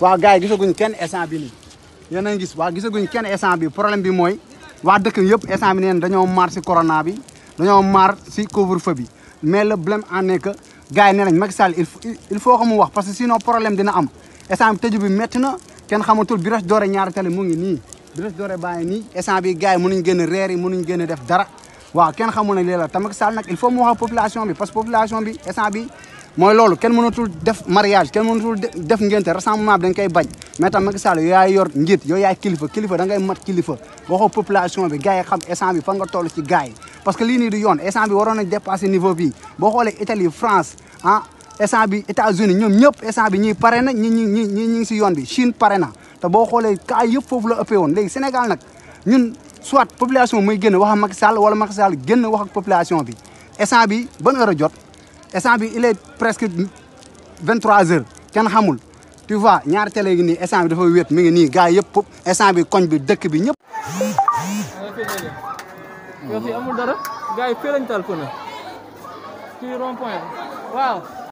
waa gars yi gisaguñ kenn instant bi nii yéen a ngi gis waa gisaguñ kenn instant bi problème bi mooy waa dëkk yëpp instant bi neen dañoo maar si corona bi dañoo maar si couvre-feu bi mais le problème en est que gars yi nee nañ Macky Sall il faut que mu wax parce que sinon problème dina am instant bi tëju bi métti na kenn xamatul Birame Doré ñaari tali mu ngi nii Birame Doré baa ngi nii instant bi gars yi mënuñ gën a reer yi mënuñ gën a def dara waaw kenn xamul ne lii la te Macky Sall nag il faut mu wax population bi parce que population bi instant bi mooy loolu kenn mënatul def mariage kenn mënatul def ngénte rassemblement bi dañ koy bañ mais tam Macky Sall yor njiit yow yaay kilifa kilifa da ngay mat kilifa waxoo population bi gars yi xam instant bi fan nga toll ci gars yi parce que lii nii du yoon instant bi waroon a dépassé niveau bi boo xoolee Italie France ah instant bi États-Unis ñoom ñëpp instant bi ñii pare na ñi ñi ñi ñi ngi si yoon bi Chine pare na te boo xoolee cas yëpp foofu la ëppee woon léegi Sénégal nag ñu soit population mooy génn wax ak Macky Sall wala Macky Sall génn wax ak population bi instant bi ban heure jot instant bi il est presque heures kenn xamul tu vois ñaari télé yi nii bi dafa wéet mi ngi nii gars yëpp instant bi koñ bi dëkk bi ñëpp. yow fii tal ko na ci